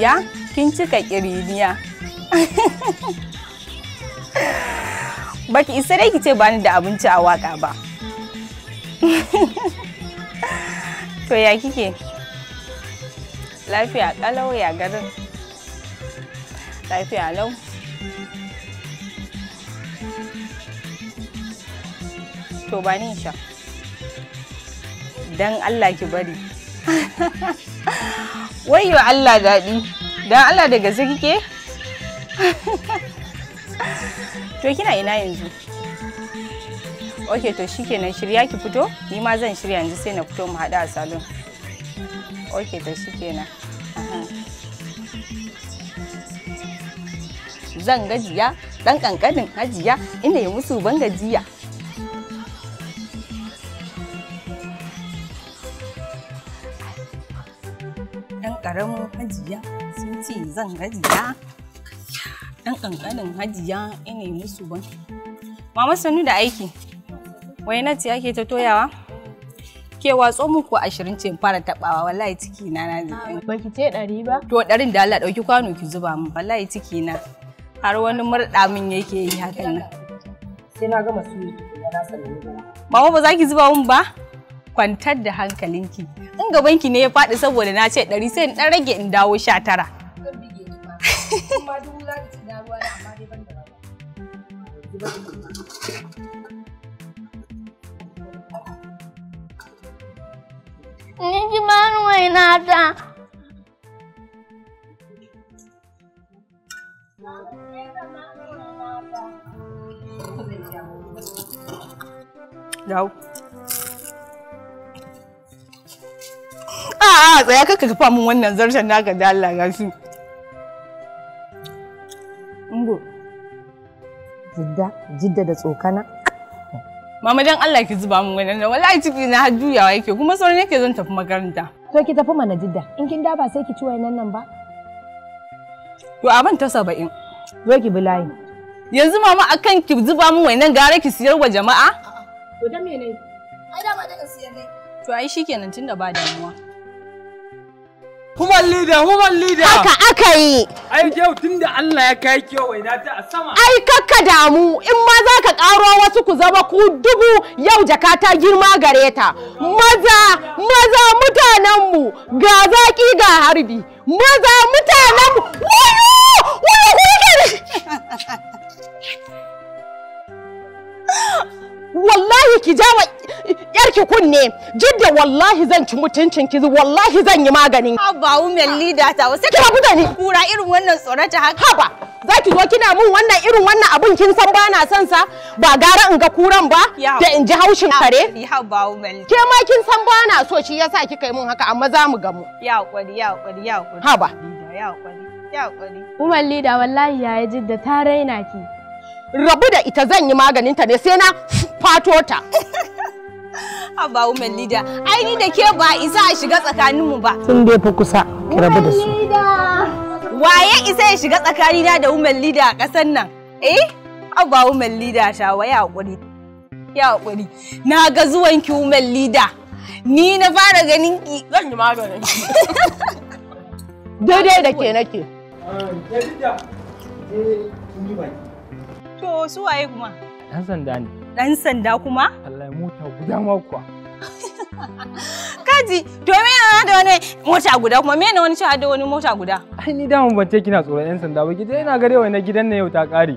Ya kin cika kiriniya baki isa dai ki ce bani da abinci a waka ba to ya kike lafiya kalau ya garin lafiya lau to ba ni sha don allah ki bari Wai wa Allah daɗi don Allah da gaske kike to kina ina yanzu ok to shi kenan shirya ki fito ni ma zan shirya yanzu sai na fito mu haɗu a salon ok to shi kenan. zan gajiya dan kankanin hajiya ina yi musu ban gajiya karen hajiya sun ce zan hajiya ɗan ƙanƙanin hajiya ina yi musu ban mama sanu da aiki wai na ce ake ta toyawa ke watso muku ashirin ce fara taɓawa wallahi ciki na na ji ah, ba ki ce ɗari ba to ɗarin da Allah ɗauki kwano ki zuba min wallahi ciki na har wani murɗa min yake yi hakan nan sai na gama su na ba mama ba za ki zuba min ba kwantar da hankalinki in gaban ki ne ya faɗi saboda na ce ɗari sai in ɗan rage in dawo sha tara. Ni ji na ta. Dawo. A'a, a tsaya kaka kafa min wannan zartan naka da Allah ga su ngo jidda jidda da tsokana mama dan Allah ki zuba min wannan wallahi ciki na har juyawa yake kuma sauran yake zan tafi makaranta to ki tafi mana jidda in kin da ba sai ki ci wayannan nan ba to ban ta 70 zo ki bi layi yanzu mama akan ki zuba min wayannan gara ki siyar wa jama'a to da me ne ai da ma da siyar ne to ai shikenan tunda ba damuwa Human leader, human leader. Haka aka yi. Ai yau tunda Allah ya kai kiyo waina ta a sama. Ai kakka damu in ma za ka karo wasu ku zama ku dubu yau jaka ta girma gare ta. Maza, maza mutanenmu ga zaki ga harbi. Maza mutanenmu. Wayo! Wayo! Wayo! wallahi ki ja wa yarki kunne jidda wallahi zan ci mutuncin ki wallahi zan yi maganin haba women leader ta wasu kira mutane kura irin wannan tsorata haka Ha ba, za ki zo kina mun wannan irin wannan abun kin san ba na son sa ba gara in ga kuran ba da in ji haushin kare haba women ke ma kin san ba na so shi yasa kika yi mun haka amma za mu gamu ya kwari ya kwari ya kwari haba ya kwari ya kwari women leader wallahi yaya jidda ta raina ki rabu da ita zan yi maganinta ne sai na fato ta ba lida. leader ai ni da ke ba isa a shiga tsakaninmu ba sun dai fi kusa rabu da su waye isa ya shiga tsakanina da women lida a ƙasar nan eh ba women lida ta waya hakuri ya hakuri na ga zuwan ki lida. ni na fara ganin ki zan yi maganin daidai da ke nake eh, eh, to su waye kuma dan sanda ne Ɗan sanda kuma? Allah mota guda ma kuwa. Kaji, to me yana da wani mota guda kuma me yana wani cewa da wani mota guda? Ai ni daman ban ce kina tsoron 'yan sanda ba, kije ina gare na gidan na yau ta ƙare.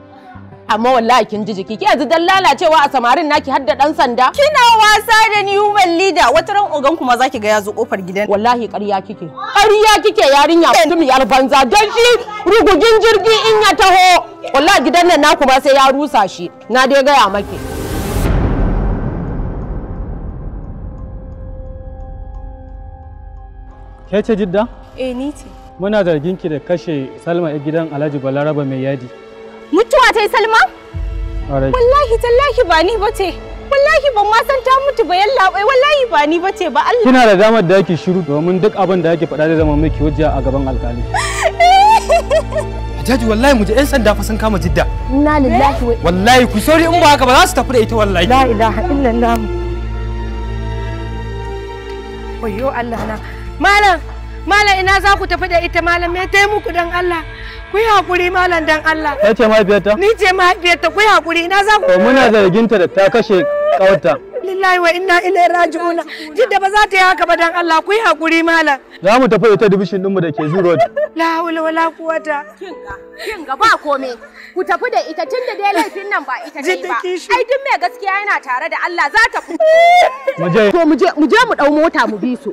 Amma wallahi kin ji jiki, ki yanzu dan lalacewa a samarin naki har da ɗan sanda. Kina wasa da ni human leader, wata ran ogan kuma zaki ga ya zo kofar gidan. Wallahi ƙarya kike. Ƙarya kike yarinya mutum yar banza don shi rugugin jirgi in ya taho. Wallahi gidan nan naku ma sai ya rusa shi. Na dai gaya maki. Kai ce Jidda? Eh ni ce. Muna zargin ki da kashe Salma a gidan Alhaji Balaraba mai yadi. Mutuwa ta Salma? Salma? Wallahi tallahi ba ni bace. Wallahi ban ma san ta mutu ba yalla kai wallahi ba ni bace ba Allah. Kina da damar da yake shiru domin duk abin da yake faɗa zai zama miki hujja a gaban alkali. Jaji wallahi mu je ƴan sanda fa san kama Jidda. Inna lillahi wa Wallahi ku sauri in ba haka ba za su tafi da ita wallahi. La ilaha illallah. Wayyo Allah na. malam malam ina za ku tafi da ita malam me tai muku dan Allah ku yi hakuri malam dan Allah ya ce mahaifiyarta ni ce mahaifiyarta ku yi hakuri ina za ku muna zargin ta da ta kashe kawarta lillahi wa inna ilaihi raji'un jidda ba za ta yi haka ba dan Allah ku yi hakuri malam za mu tafi ita dibishin dinmu da ke zuro la hawla wala quwata kinga kinga ba kome ku tafi da ita tun da dai laifin nan ba ita ce ba ai duk mai gaskiya yana tare da Allah za ta fito mu je mu je mu dau mota mu bi su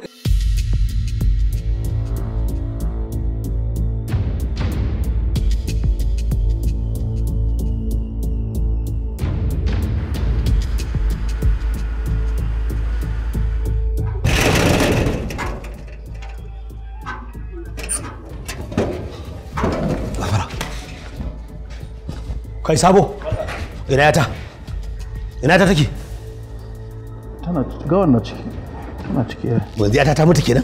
kai sabo ina ya ta ina ta take tana ga wannan ciki tana ciki eh. yanzu ya ta ta mutu kenan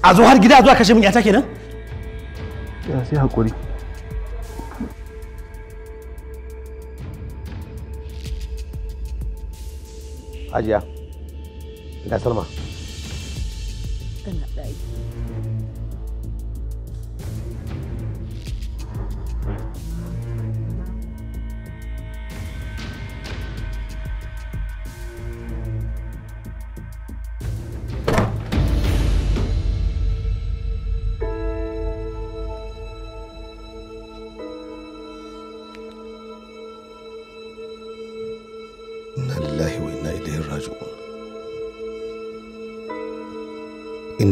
a zo har gida zuwa kashe min ya ta kenan ya sai hakuri Hajiya, ina Salma. Tana ɗaki.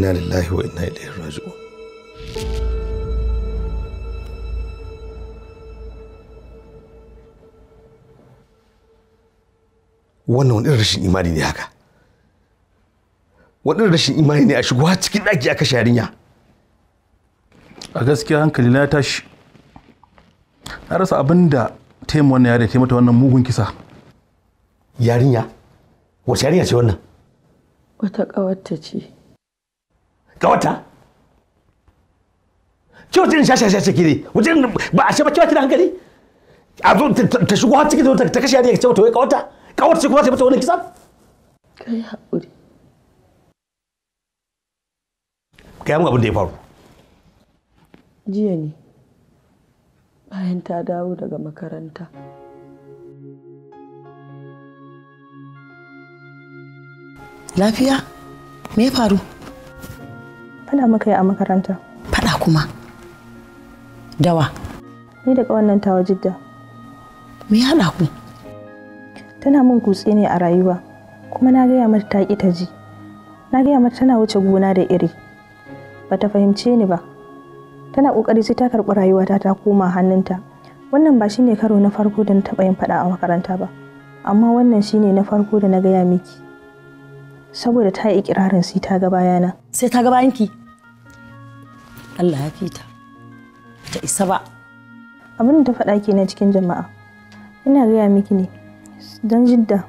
inna lillahi wa inna ilaihi raji'un wannan wani rashin imani ne haka wani rashin imani ne a shigo cikin ɗaki aka yarinya. a gaskiya hankali na tashi na rasa abin da taimu wannan yare taimata wannan mugun kisa yarinya wace yarinya ce wannan wata ƙawarta ce kawata wata ke wace irin shashe shashe kire wace irin ba a shaba kewa kira hankali a zo ta shigo har cikin ta kashe ya ce mata wai kawata kawata ce kuma ta mata wani ka yi haƙuri ka mun abin da ya faru jiya ne bayan ta dawo daga makaranta lafiya me ya faru faɗa muka yi a makaranta faɗa kuma dawa ni daga wannan tawa jidda me ya haɗa ku tana min kutse ne a rayuwa kuma na gaya mata ta ƙi ta ji na gaya mata tana wuce gona da iri ba ta fahimce ni ba tana ƙoƙari sai ta karɓi rayuwata ta koma hannunta wannan ba shine karo na farko da na taɓa yin faɗa a makaranta ba amma wannan shine na farko da na gaya miki saboda ta yi ikirarin sai ta ga bayana sai ta ga bayanki Allah ya fita ta isa ba abin da ta faɗa ke na cikin jama'a ina gaya miki ne don jidda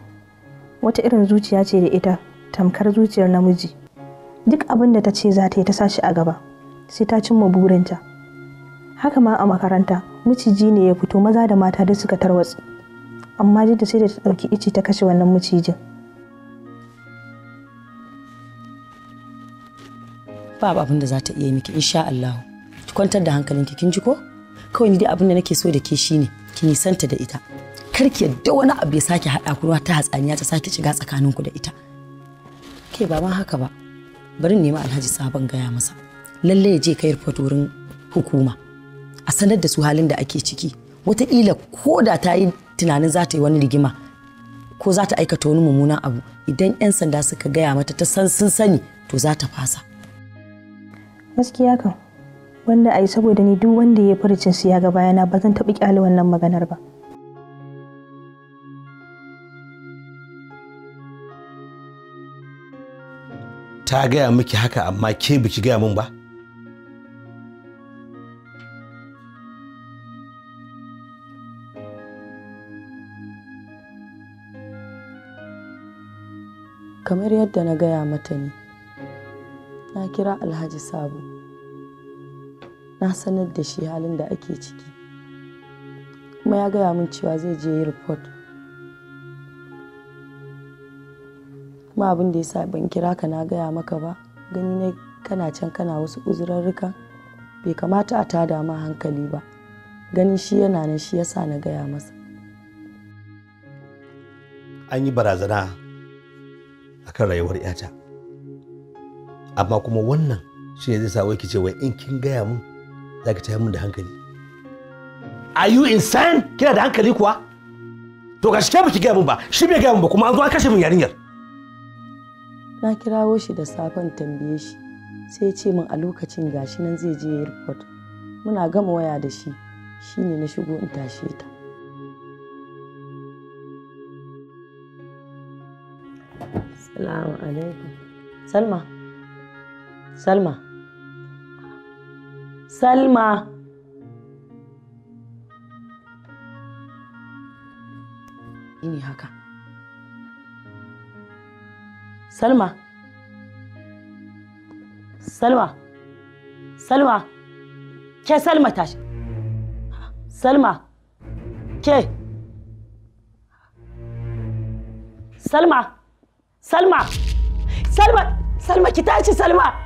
wata irin zuciya ce da ita tamkar zuciyar namiji duk abin da ta ce za ta yi ta sashi a gaba sai ta cimma burinta haka ma a makaranta miciji ne ya fito maza da mata duk suka tarwatsi amma jidda sai da ta ɗauki ice ta kashe wannan micijin babu abin da za ta iya miki insha Allah ki kwantar da hankalinki kin ji ko kawai ni dai abin da nake so da ke shine ki nisanta da ita kar ki yadda wani abu ya sake haɗa ku ta hatsaniya ta sake shiga tsakanin ku da ita ke ba ma haka ba bari nema alhaji sabon gaya masa lalle ya je kai report wurin hukuma a sanar da su halin da ake ciki wataƙila ko da ta yi tunanin za ta yi wani rigima ko za ta aikata wani mummunan abu idan 'yan sanda suka gaya mata ta san sun sani to za ta fasa gaskiya kan wanda a saboda ni duk wanda ya furcin su ya ga bayana ba zan taɓa ƙyale wannan maganar ba ta gaya miki haka amma ke biki gaya min ba kamar yadda na gaya mata ne na kira alhaji sabo na sanar da shi halin da ake ciki kuma ya gaya min cewa zai je yi report kuma abin da ya sa ban kira ka na gaya maka ba gani ne kana can kana wasu uzurarruka bai kamata a tada ma hankali ba ganin shi yana nan shi yasa na gaya masa an yi barazana a kan rayuwar 'yata. amma kuma wannan shi ne zai sa wai ki ce wai in kin gaya mun za ki tayar mun da hankali are you insane kina da hankali kuwa to gashi ke baki gaya mun ba shi bai gaya mun ba kuma an zo an kashe mun yarinyar na kirawo shi da safen tambaye shi sai ce min a lokacin gashi nan zai je airport muna gama waya da shi shine na shigo in tashe ta Salamu alaikum. Salma. Salma. Salma. Ini haka. Salma. Salma. Salma. Ke Salma tashi. Salma. Ke. Salma. Salma. Salma. Salma ki tashi Salma.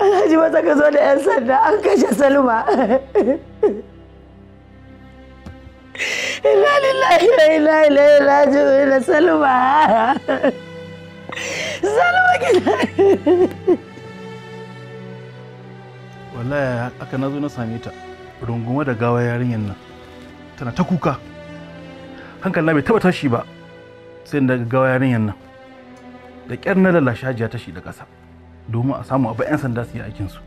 Alhaji maza ka zo da 'yan sanda an kashe Salma. Ina lillahi wa ina ilaihi raji'un Salma. Salma gida. Wallahi aka nazo na same ta rungume da gawa yarinyar nan. Tana ta kuka. Hankali na bai taba tashi ba. Sai da gawa yarinyar nan. Da kyar na lalashe hajiya tashi da ƙasa. domin a samu abin 'yan sanda su yi aikinsu.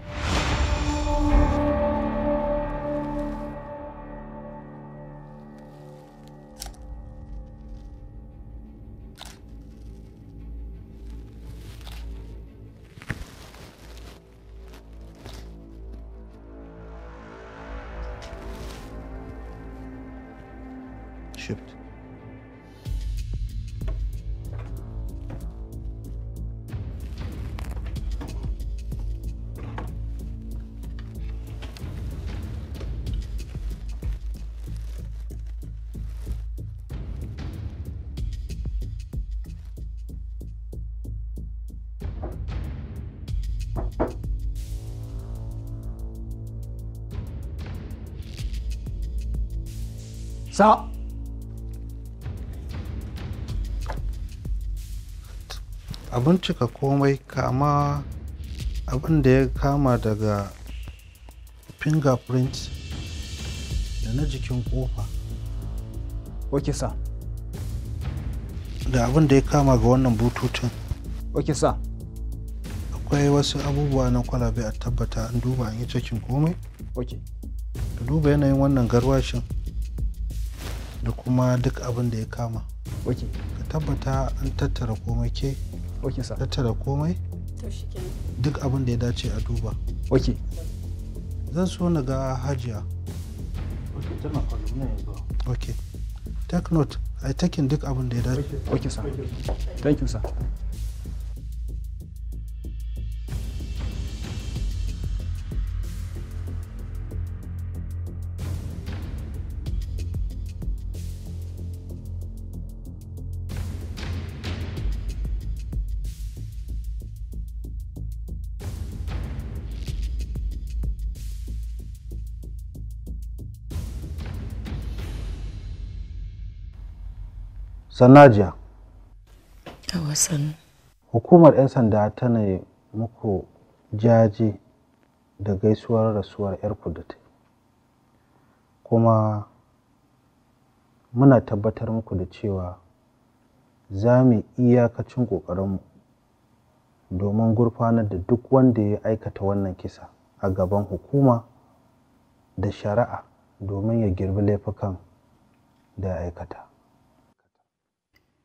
Sağ. A cika komai kama abin da ya kama daga fingerprint da na jikin kofa. Ok sa. Da abin da ya kama ga wannan bututun. Ok sa. Akwai wasu abubuwa na kwalabe a tabbata an duba an yi cikin komai. Ok. Ka duba yanayin wannan garwashin. da kuma duk abin da ya kama okay. ka tabbata an tattara komai ke tattara komai duk abin da ya dace a duba okay. zan so na ga hajiya okay take note i taking duk abin da ya dace ok sir thank you sir jiya Hukumar 'yan sanda ta tana muku jaje da gaisuwar rasuwar 'yarku da kuma muna tabbatar muku da cewa za mu iyakacin mu domin gurfanar da duk wanda ya aikata wannan kisa a gaban hukuma da shari'a domin ya girbi laifukan da ya aikata.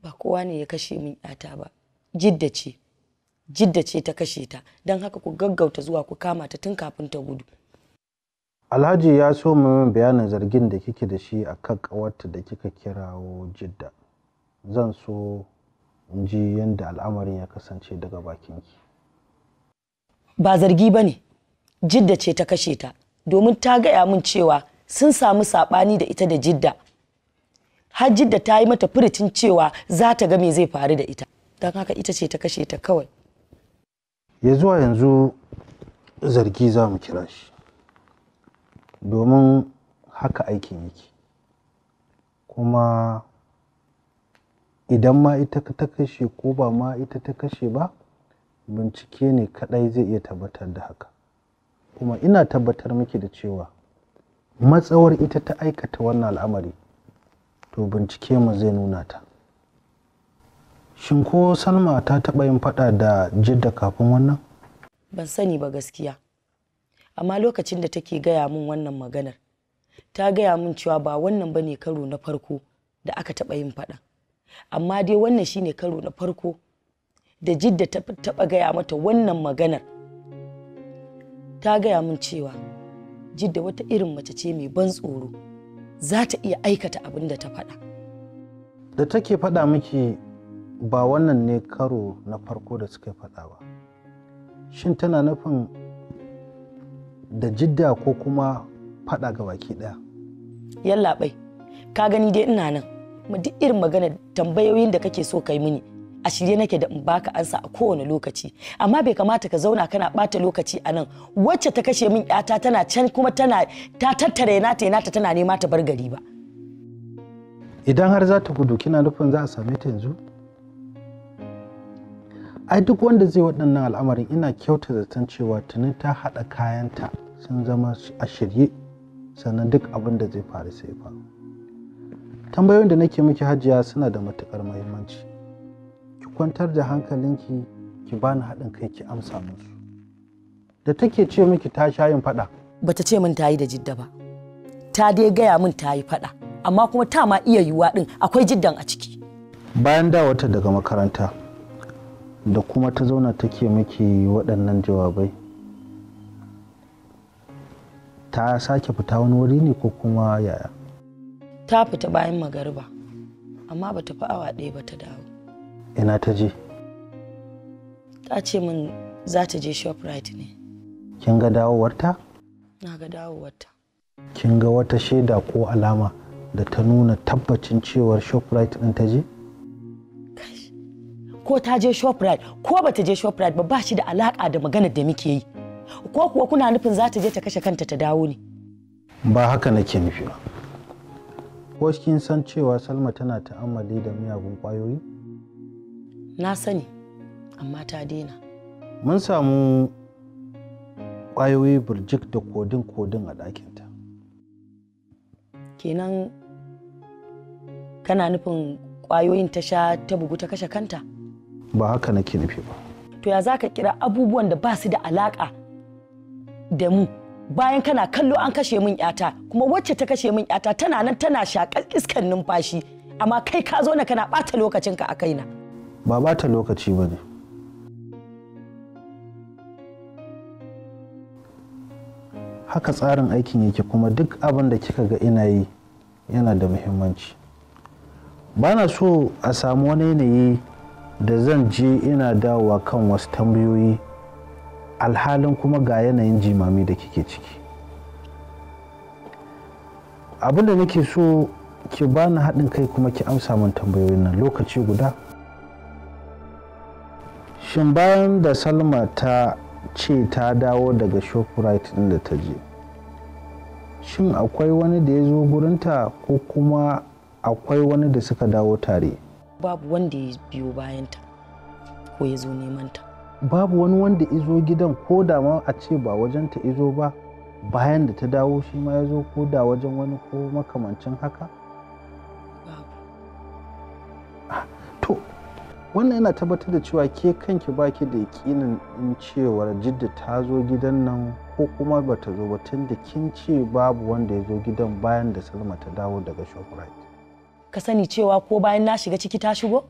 ba kowa ne ya kashe min yata ba jidda ce jidda ce ta kashe ta don haka ku gaggauta zuwa ku kama ta tun kafin ta gudu alhaji ya so min bayanin zargin da kike da shi a kan ƙawarta da kika kirawo jidda zan so in ji yadda al'amarin ya kasance daga bakinki ba zargi ba ne jidda ce ta kashe ta domin ta gaya min cewa sun samu saɓani da ita da jidda hajjidda ta yi mata furitin cewa za ta ga me zai faru da ita don haka ita ce ta kashe ta kawai ya zuwa yanzu zargi za mu kira shi domin haka aikin yake kuma idan ma ita ta kashe ko ba ma ita ta kashe ba bincike ne kadai zai iya tabbatar da haka kuma ina tabbatar miki da cewa matsawar ita ta aikata wannan al'amari to bincike mu zai nuna ta shin ko salma ta taɓa yin faɗa da jidda kafin wannan ban sani ba gaskiya amma lokacin da take gaya min wannan maganar ta gaya min cewa ba wannan bane karo na farko da aka taɓa yin faɗa amma dai wannan shine karo na farko da jidda ta taɓa gaya mata wannan maganar ta gaya min cewa jidda wata irin mace ce mai ban tsoro za ta iya aikata abin da ta faɗa. Da take faɗa miki ba wannan ne karo na farko da suka faɗa ba. Shin tana nufin da jidda ko kuma faɗa ga baki ɗaya? Yallaɓai, ka gani dai ina nan, mu duk irin magana tambayoyin da kake so kai mini. a shirye nake da in baka ansa a kowane lokaci amma bai kamata ka zauna kana bata lokaci a nan wacce ta kashe min yata tana can kuma tana ta tattara yana ta nata tana nema ta bar gari ba idan har za ta gudu kina nufin za a same ta yanzu ai duk wanda zai waɗannan al'amarin ina kyauta zaton cewa tuni ta haɗa kayanta sun zama a shirye sannan duk abin da zai faru sai faru tambayoyin da nake miki hajiya suna da matukar muhimmanci kwantar da hankalinki ki bani haɗin kai ki amsa musu da take ce miki ta sha yin faɗa bata ce min ta yi da jidda ba ta dai gaya min ta yi faɗa amma kuma ta ma iya yiwuwa ɗin akwai jiddan a ciki bayan dawata daga makaranta da kuma ta zauna take miki waɗannan jawabai ta sake fita wani wuri ne ko kuma yaya ta fita bayan magariba amma bata fi awa ɗaya ba ta dawo ina ta je ta ce min za ta je shoprite ne kin ga dawowarta na ga dawowarta kin ga wata shaida ko alama da ta nuna tabbacin cewar shoprite din ta je ko ta je shoprite ko ba ta je shoprite ba ba shi da alaka da maganar da muke yi ko kuwa kuna nufin za ta je ta kashe kanta ta dawo ne ba haka nake nufi ba ko kin san cewa salma tana ta'ammali da miyagun kwayoyi na sani amma ta daina mun samu ƙwayoyi burjik da kodin-kodin a ɗakinta kenan kana nufin ƙwayoyin ta sha ta bugu ta kashe kanta ba haka nake nufi ba to ya za ka kira abubuwan da ba su da alaƙa da mu bayan kana kallo an kashe min yata kuma wacce ta kashe min yata tana nan tana shaƙar iskan numfashi amma kai ka zo na kana ɓata lokacinka a kaina. ba ba ta lokaci ba ne haka tsarin aikin yake kuma duk abin da kika ga ina yi yana da muhimmanci ba na so a samu wani yanayi da zan je ina dawowa kan wasu tambayoyi alhalin kuma ga yanayin jimami da kike ciki abin da nake so ki bani haɗin kai kuma ki amsa min tambayoyin nan lokaci guda shin bayan da salma ta ce ta dawo daga shoprite din da ta je shin akwai wani da ya zo gurinta ko kuma akwai wani da suka dawo tare babu wanda ya biyo bayanta ko ya zo nemanta babu wani wanda izo gidan ko da ma a ce ba wajenta izo ba bayan da ta dawo shi ma ya zo ko da wajen wani ko makamancin haka wannan yana tabbatar da cewa ke kanki baki da yakinin in cewa jidda ta zo gidan nan ko kuma ba ta zo ba tun da kin ce babu wanda ya zo gidan bayan da salma ta dawo daga shoprite ka sani cewa ko bayan na shiga ciki ta shigo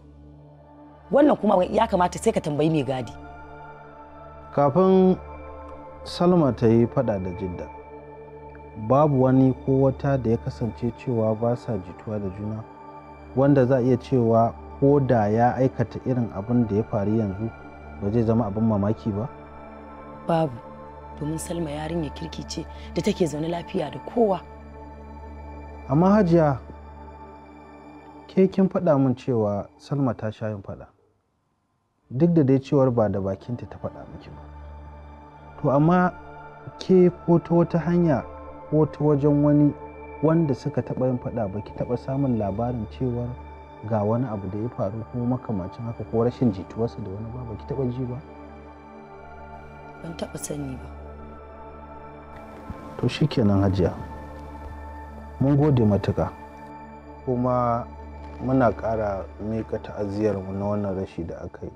wannan kuma ya kamata sai ka tambayi mai gadi kafin salma ta yi fada da jidda babu wani ko wata da ya kasance cewa ba sa jituwa da juna wanda za a iya cewa ko da ya aikata irin abin da ya faru yanzu ba zai zama abin mamaki ba? Babu, domin Salma yarinya kirki ce da take zaune lafiya da kowa. Amma hajiya, ke kin faɗa min cewa Salma ta sha yin faɗa. Duk da dai cewar ba da bakinta ta faɗa miki ba. To amma ke ko ta wata hanya ko ta wajen wani wanda suka taɓa yin faɗa ba ki taɓa samun labarin cewar ga wani abu da ya faru kuma makamacin haka ko rashin jituwarsa da wani ba ba ki taba ji ba ban taba sani ba to shikenan hajiya mun gode matuka kuma muna ƙara miƙa ta'aziyarmu na wannan rashi da aka yi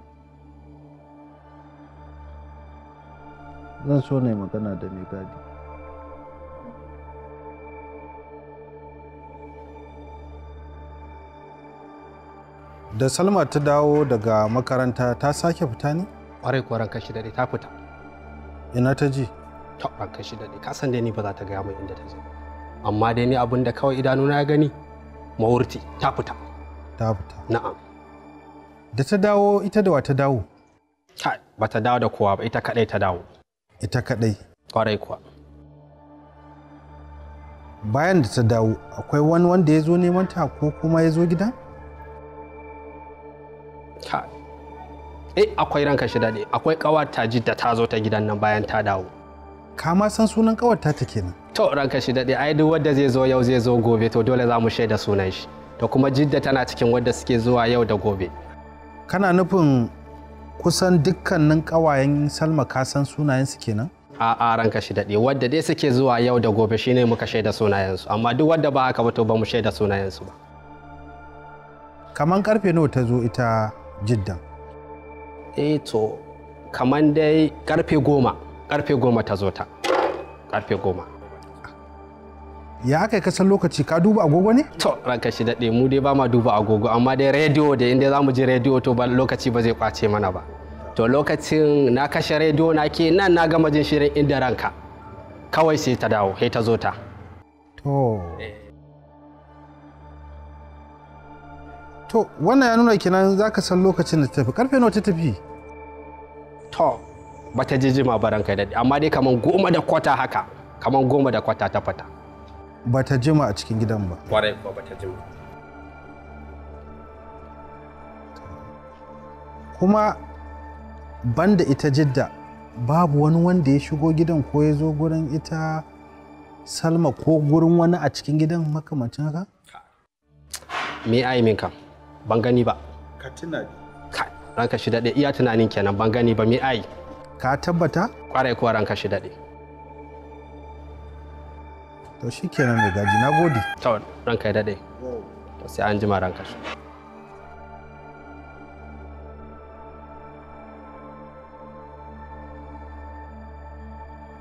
zan so na yi magana da mai gadi da salma ta dawo daga makaranta ta sake fita ne ƙwarai kuwa kashi shi daɗe ta fita ina ta ji ta kashi shi daɗe ka san dai ni ba za ta gaya min inda ta zo amma dai ni abin da kawai idanuna ya gani mawurti ta fita ta fita na'am da ta dawo ita da wa ta dawo ba ta dawo da kowa ba ita kaɗai ta dawo ita kaɗai ƙwarai kuwa bayan da ta dawo akwai wani wanda ya zo neman ta ko kuma ya zo gidan Eh akwai ranka shi daɗe akwai ƙawar ji da ta zo ta gidan nan bayan ta dawo. Ka ma san sunan ƙawar ta ta kenan. To ranka shi daɗe ai duk wanda zai zo yau zai zo gobe to dole za mu shaida sunan shi. To kuma jidda tana cikin wanda suke zuwa yau da gobe. Kana nufin kusan dukkanin ƙawayen Salma ka san sunayensu kenan? a'a ranka shi daɗe wadda dai suke zuwa yau da gobe shine muka shaida sunayensu amma duk wadda ba haka ba to ba mu shaida sunayensu ba kaman karfe nawa ta zo ita jiddan eh to kaman dai karfe goma karfe goma ta zo ta karfe goma ya aka yi kasan lokaci ka duba agogo ne? to ranka shi daɗe mu dai ba ma duba agogo amma dai rediyo da inda za mu ji rediyo to ba lokaci ba zai kwace mana ba to lokacin na kashe rediyo na ke nan na gama jin shirin inda ranka kawai sai ta dawo sai ta zo ta to eh. to wannan ya nuna kenan za ka san lokacin da tafi karfe nawa ta tafi to ba ta ma baran kai daɗi amma dai kaman goma da kwata haka kaman goma da kwata ta fata ba ta jima a cikin gidan ba kwarai ba ba ta jima kuma banda ita jidda babu wani wanda ya shigo gidan ko ya zo gurin ita salma ko gurin wani a cikin gidan makamancin haka me ai kan ban gani ba ka tuna ka ranka shi daɗe iya tunanin kenan ban gani ba me ai ka tabbata kwarai kuwa ranka shi daɗe to shi kenan mai gaji na gode to ranka ya daɗe to sai an jima ranka shi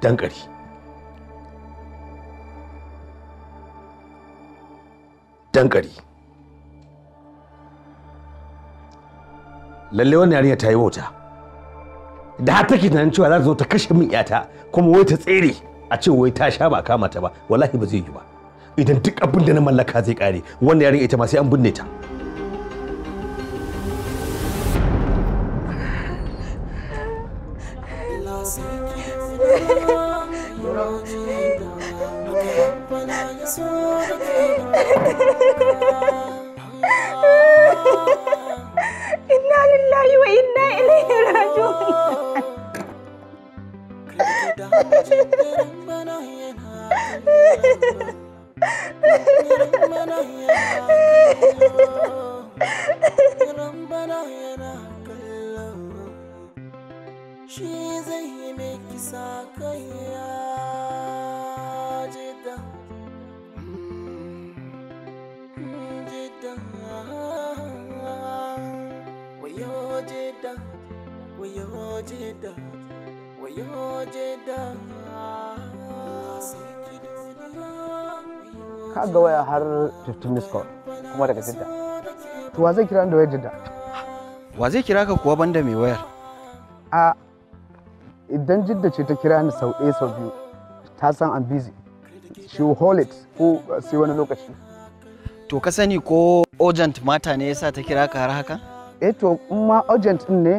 dankari dankari lalle wannan yarinya ta yi wauta da har take tunanin cewa za ta zo ta kashe min yata kuma wai ta tsere a ce wai ta sha ba kama ta ba wallahi ba zai yi ba idan duk abin da na mallaka zai kare wannan yarinya ita ma sai an binne ta 15 miss call kuma daga jidda to wa zai kira da wayar jidda wa zai kira ka kuwa banda mai wayar a idan jidda ce ta kira ni sau ɗaya sau biyu ta san I'm busy she will hold it ko sai wani lokaci to ka sani ko urgent mata ne yasa ta kira ka har haka eh to in ma urgent din ne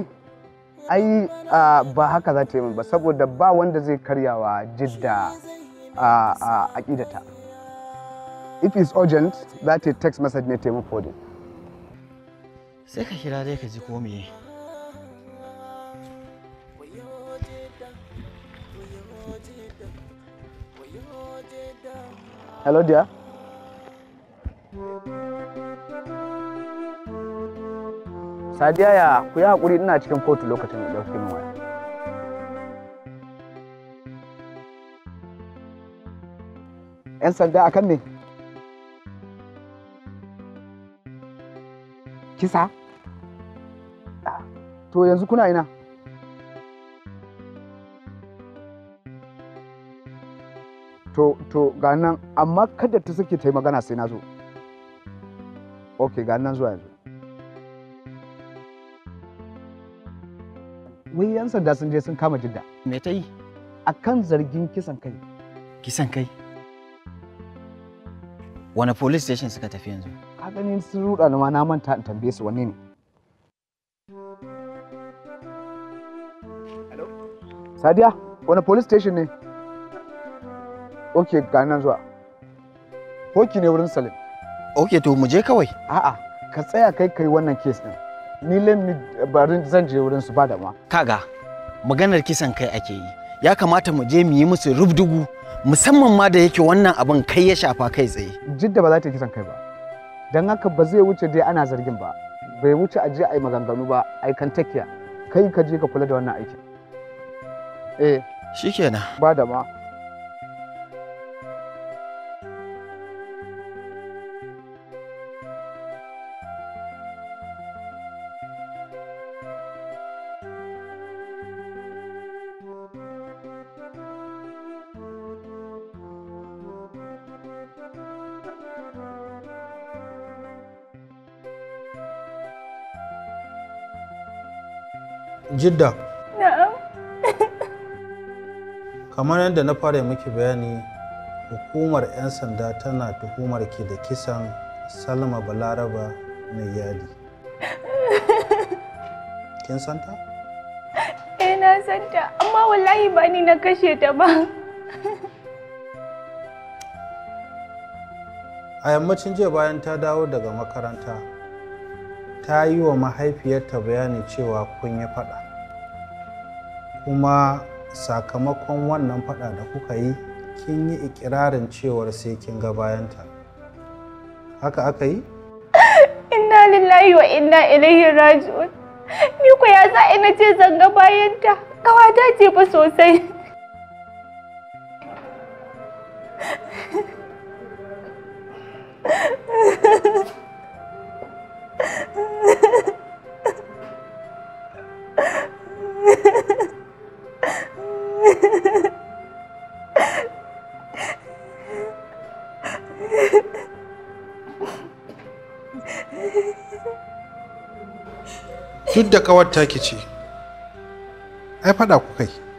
ai ba haka za ta yi min ba saboda ba wanda zai karyawa jidda a aƙidata. if it's urgent that it text message ne taimako forwarding sai ka kira dai ka ji ko me hello dear sadiya ya ku yi haƙuri ina cikin kotu lokacin da ɗauki min yan sanda a kan ne? kisa to yanzu kuna ina to to ga nan amma kada ta suke ta yi magana sai na zo ok ga nan zuwa yanzu wai yan sanda sun je sun kama jidda me ta yi akan zargin kisan kai kisan kai wani police station suka tafi yanzu ka sun ruɗa na ma na manta in tambaye su wanne ne Sadiya wani police station ne ok ga nan zuwa hoki ne wurin Salim ok to mu je kawai a'a ka tsaya kai kai wannan case din ni lemmi barin zan je wurin su ba da ma kaga maganar kisan kai ake yi ya kamata mu je mu yi musu rubdugu musamman ma da yake wannan abin kai ya shafa kai tsaye jidda ba za ta kisan kai ba don haka ba zai wuce dai ana zargin ba bai wuce a je a yi maganganu ba ai takiya kai ka je ka kula da wannan aikin eh shikenan ba da ma jidda kamar yadda na fara miki bayani hukumar 'yan sanda tana tuhumar ki da kisan salma balaraba mai yadi kin santa? eh na santa amma wallahi ba ni na kashe ta ba a yammacin jiya bayan ta dawo daga makaranta ta yi wa mahaifiyarta bayani cewa kun yi faɗa kuma sakamakon wannan faɗa da kuka yi kin yi ikirarin cewar sai kin ga bayanta haka aka yi inna lillahi wa inna ilaihi raji'un ni ku ya za ina ce zanga bayanta kawata ce fa sosai da kawar take ce ai faɗa ku kai